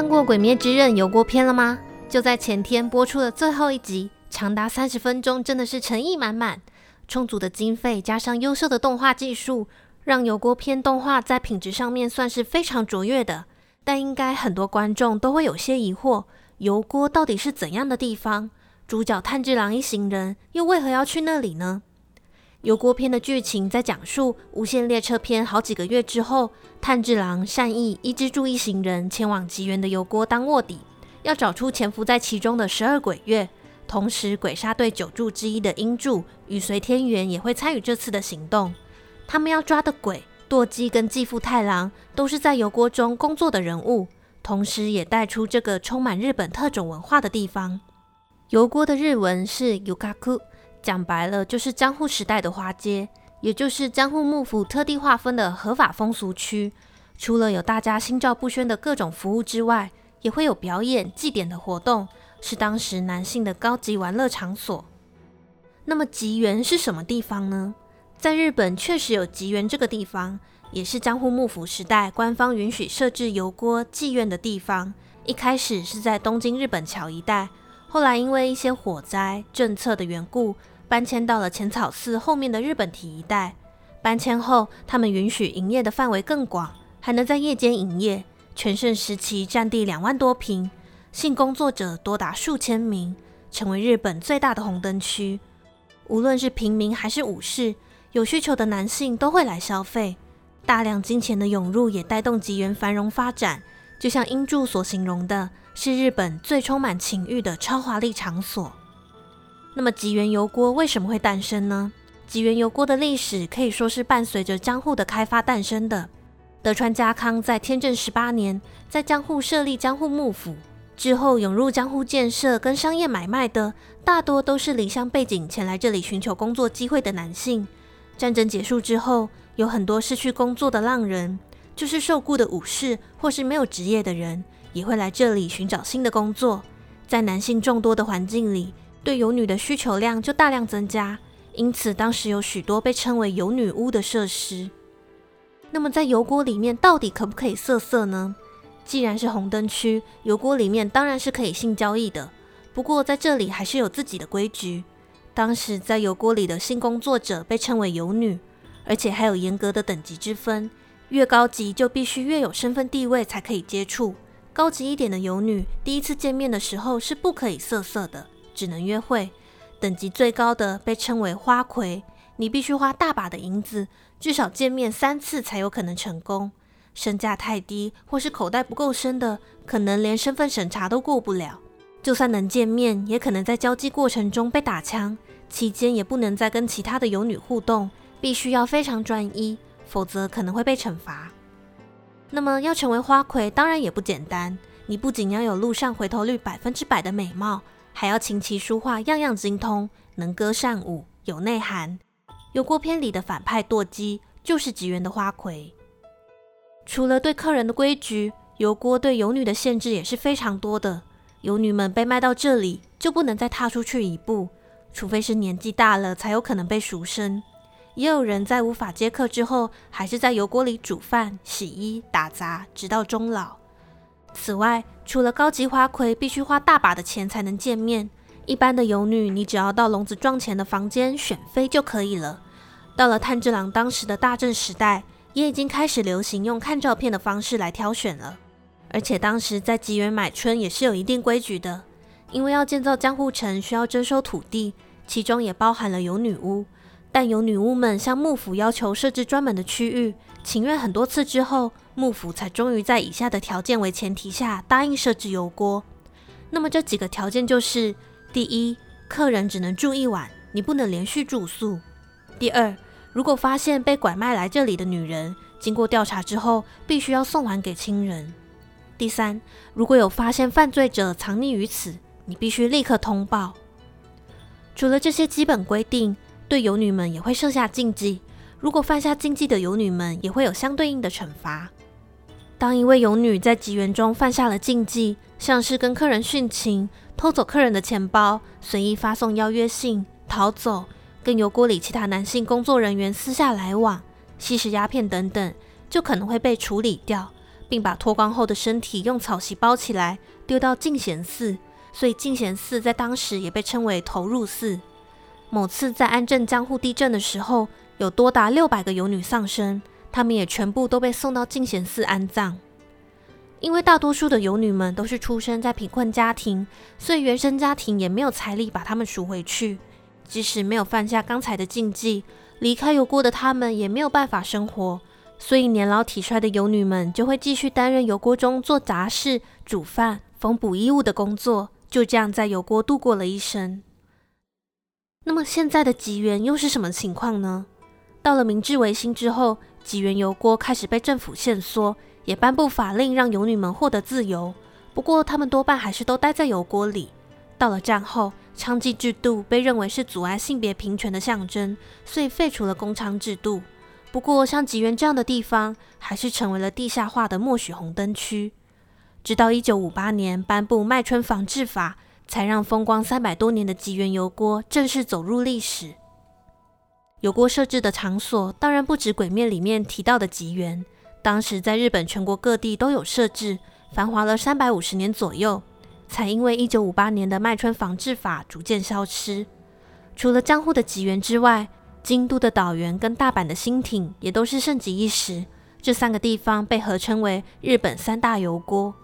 看過《鬼滅之刃》遊郭篇了嗎？就在前天播出的最後一集，長達三十分鐘，真的是誠意滿滿。充足的經費加上優秀的動畫技術，讓遊郭篇動畫在品質上面算是非常卓越的。但應該很多觀眾都會有些疑惑：遊郭到底是怎樣的地方？主角炭治郎一行人又為何要去那裡呢？遊郭篇的劇情在講述無限列車篇好幾個月之後，炭治郎、善逸、伊之助一行人前往吉原的遊郭當臥底，要找出潛伏在其中的十二鬼月。同時，鬼殺隊九柱之一的音柱宇髓天元也會參與這次的行動。他們要抓的鬼，墮姬跟妓夫太郎都是在遊郭中工作的人物，同時也帶出這個充滿日本特種文化的地方。遊郭的日文是 yukaku 講白了，就是江戶時代的花街，也就是江戶幕府特地劃分的合法風俗區。除了有大家心照不宣的各種服務之外，也會有表演、祭典的活動，是當時男性的高級玩樂場所。那麼吉原是什麼地方呢？在日本確實有吉原這個地方，也是江戶幕府時代官方允許設置遊郭妓院的地方。一開始是在東京日本橋一帶，後來因為一些火災政策的緣故。搬遷到了淺草寺後面的日本町一帶。搬遷後，他們允許營業的範圍更廣，還能在夜間營業。全盛時期佔地兩萬多坪，性工作者多達數千名，成為日本最大的紅燈區。無論是平民還是武士，有需求的男性都會來消費。大量金錢的湧入也帶動吉原繁榮發展。就像音柱所形容的，是日本最充滿情慾的超華麗場所。那麼吉原遊郭為什麼會誕生呢？吉原遊郭的歷史可以說是伴隨着江戶的開發誕生的。德川家康在天正十八年在江戶設立江戶幕府之後，湧入江戶建設跟商業買賣的大多都是離鄉背井前來這裡尋求工作機會的男性。戰爭結束之後，有很多失去工作的浪人，就是受僱的武士或是沒有職業的人，也會來這裡尋找新的工作。在男性眾多的環境裡。對遊女的需求量就大量增加，因此當時有許多被稱為遊女屋的設施。那麼在遊郭裡面到底可不可以色色呢？既然是紅燈區，遊郭裡面當然是可以性交易的。不過在這裡還是有自己的規矩。當時在遊郭裡的性工作者被稱為遊女，而且還有嚴格的等級之分，越高級就必須越有身份地位才可以接觸。高級一點的遊女，第一次見面的時候是不可以色色的。只能約會，等級最高的被稱為花魁。你必須花大把的銀子，至少見面三次才有可能成功。身價太低或是口袋不夠深的，可能連身份審查都過不了。就算能見面，也可能在交際過程中被打槍。期間也不能再跟其他的遊女互動，必須要非常專一，否則可能會被懲罰。那麼要成為花魁，當然也不簡單。你不僅要有路上回頭率百分之百的美貌。還要琴棋書畫樣樣精通，能歌善舞，有內涵。遊郭篇裡的反派墮姬就是吉原的花魁。除了對客人的規矩，遊郭對遊女的限制也是非常多的。遊女們被賣到這裡，就不能再踏出去一步，除非是年紀大了才有可能被贖身。也有人在無法接客之後，還是在遊郭裡煮飯、洗衣、打雜，直到終老。此外，除了高級花魁，必須花大把的錢才能見面。一般的遊女，你只要到籠子撞錢的房間選妃就可以了。到了炭治郎當時的大正時代，也已經開始流行用看照片的方式來挑選了。而且當時在吉原買春也是有一定規矩的，因為要建造江戶城需要徵收土地，其中也包含了遊女屋。但有女巫們向幕府要求設置專門的區域，請願很多次之後，幕府才終於在以下的條件為前提下答應設置遊郭。那麼這幾個條件就是：第一，客人只能住一晚，你不能連續住宿；第二，如果發現被拐賣來這裡的女人，經過調查之後，必須要送還給親人；第三，如果有發現犯罪者藏匿於此，你必須立刻通報。除了這些基本規定。對遊女們也會設下禁忌，如果犯下禁忌的遊女們也會有相對應的懲罰。當一位遊女在吉原中犯下了禁忌，像是跟客人殉情、偷走客人的錢包、隨意發送邀約信、逃走、跟遊郭裡其他男性工作人員私下來往、吸食鴉片等等，就可能會被處理掉，並把脫光後的身體用草席包起來丟到淨閑寺。所以淨閑寺在當時也被稱為投入寺。某次在安政江戶地震的時候，有多達六百個遊女喪生，他們也全部都被送到靜賢寺安葬。因為大多數的遊女們都是出生在貧困家庭，所以原生家庭也沒有財力把他們贖回去。即使沒有犯下剛才的禁忌，離開遊郭的他們也沒有辦法生活，所以年老體衰的遊女們就會繼續擔任遊郭中做雜事、煮飯、縫補衣物的工作，就這樣在遊郭度過了一生。那麼現在的吉原又是什麼情況呢？到了明治維新之後，吉原遊郭開始被政府限縮，也頒布法令讓遊女們獲得自由。不過他們多半還是都待在遊郭裡。到了戰後，娼妓制度被認為是阻礙性別平權的象徵，所以廢除了公娼制度。不過像吉原這樣的地方，還是成為了地下化的默許紅燈區。直到一九五八年頒布《賣春防治法》。才讓風光三百多年的吉原遊郭，正式走入歷史。遊郭設置的場所當然不止《鬼滅》裡面提到的吉原，當時在日本全國各地都有設置，繁華了三百五十年左右，才因為一九五八年的賣春防止法，逐漸消失。除了江戶的吉原之外，京都的島原跟大阪的新町也都是盛極一時，這三個地方被合稱為日本三大遊郭。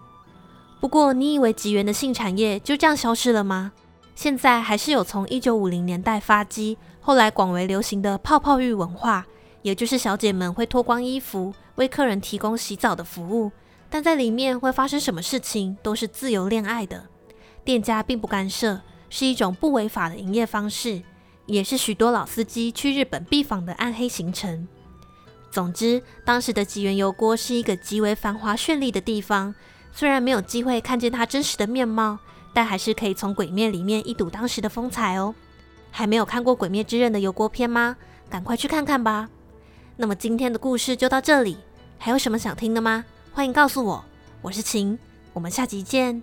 不過，你以為吉原的性產業就這樣消失了嗎？現在還是有從一九五零年代發跡，後來廣為流行的泡泡浴文化，也就是小姐們會脫光衣服為客人提供洗澡的服務，但在裡面會發生什麼事情都是自由戀愛的，店家並不干涉，是一種不違法的營業方式，也是許多老司機去日本必訪的暗黑行程。總之，當時的吉原遊郭是一個極為繁華絢麗的地方。雖然沒有機會看見他真實的面貌，但還是可以從《鬼滅》裡面一睹當時的風采哦。還沒有看過《鬼滅之刃》的遊郭篇嗎？趕快去看看吧。那麼今天的故事就到這裡，還有什麼想聽的嗎？歡迎告訴我。我是晴，我們下集見。